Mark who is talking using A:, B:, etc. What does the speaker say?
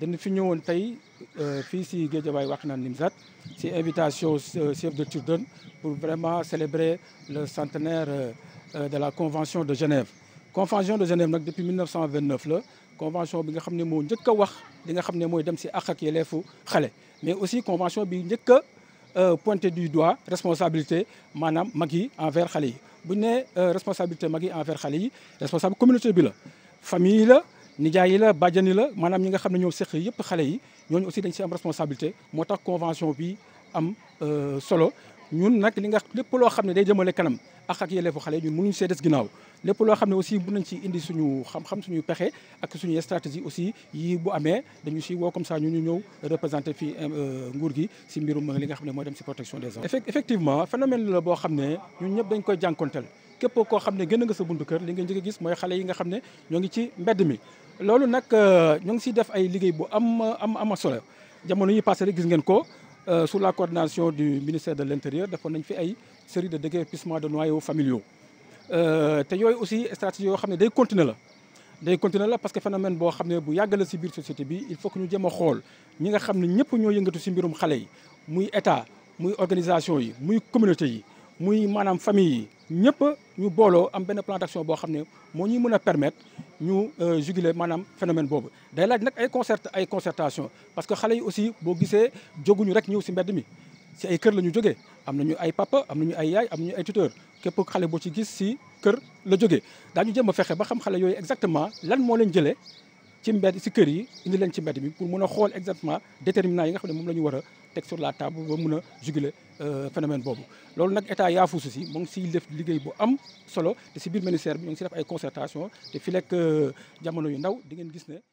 A: dañu fi ñëwoon tey euh, fii si Guédiawaye Wakhinane Nimzatt si invitation euh, chef de Turton pour vraiment célébrer le centenaire euh, de la convention de Genève. convention de Genève nag depuis 1929 la convention bi nga xam ne moo njëkk wax li nga xam ne mooy dem si àq ak yelleefu xale mais aussi convention bi njëkk a pointé du doigt responsabilité maanaam mag yi envers xale yi bu ñu nee responsabilité mag yi envers xale yi responsable communauté bi la famille la. nijaay yi la bàjjan yi la maanaam ñi nga xam ne ñoo seq yëpp xale yi ñooñu aussi dañ si am responsabilité moo tax convention bi am euh, solo ñun nag li nga lépp loo xam ne day jëmale kanam ak ak yelleefu xale ñun mënuñu see des ginnaaw lépp loo xam ne aussi mën nañ indi suñu xam suñu pexe ak suñu stratégie aussi yi bu amee dañu si woo comme ça ñu ñu ñëw représenté fii euh, nguur gi si mbirum li nga xam ne mooy dem si protection des enfants effectivement phénomène la xam ne ñun ñëpp dañ koy jànkonteel képp koo xam ne génn nga sa buntu kër li nga njëkk a gis mooy xale yi nga xam ne ñoo ngi ci mbedd mi loolu nag euh, ñoo ngi siy def ay liggéey bu am am ama solo jamono yi passé rek gis ngeen ko euh, su la coordination du ministère de l' intérieur defoon nañ fi ay série de déguerpissement de noyaux familiaux euh, te yooyu aussi stratégie yoo xam ne day continuer la day continuer la parce que phénomène boo xam ne bu yàgg la si biir société bi il faut que ñu jëm xool ñi nga xam ne ñëpp ñoo yëngatu si mbirum xale yi muy état muy organisation yi muy communauté yi muy maanaam famille yi ñëpp ñu booloo am benn plan d'action boo xam ne moo ñuy mën a permettre ñu euh, juguler maanaam phénomène boobu day laaj nag ay concert ay concertation parce que xale yi aussi boo gisee jóguñu rek ñëw si mbedd mi si ay kër la ñu jógee am nañu ay papa am nañu ay yaay am nañu ay tuteur képp xale boo ci gis si kër la daa ñu jëm a fexe ba xam xale yooyu exactement lan moo leen jëlee ci mbedd si kër yi indi leen ci mbedd bi pour mën a xool exactement déterminant yi nga xam ne moom la ñu war a teg sur la table ba mën a juguler euh, phénomène boobu loolu nag état yaafuusu si mu ngi siy def liggéey bu am solo te si biir ministère bi ñu ngi si def ay concertation te fi lekk euh, jamono yu ndaw di ngeen gis ne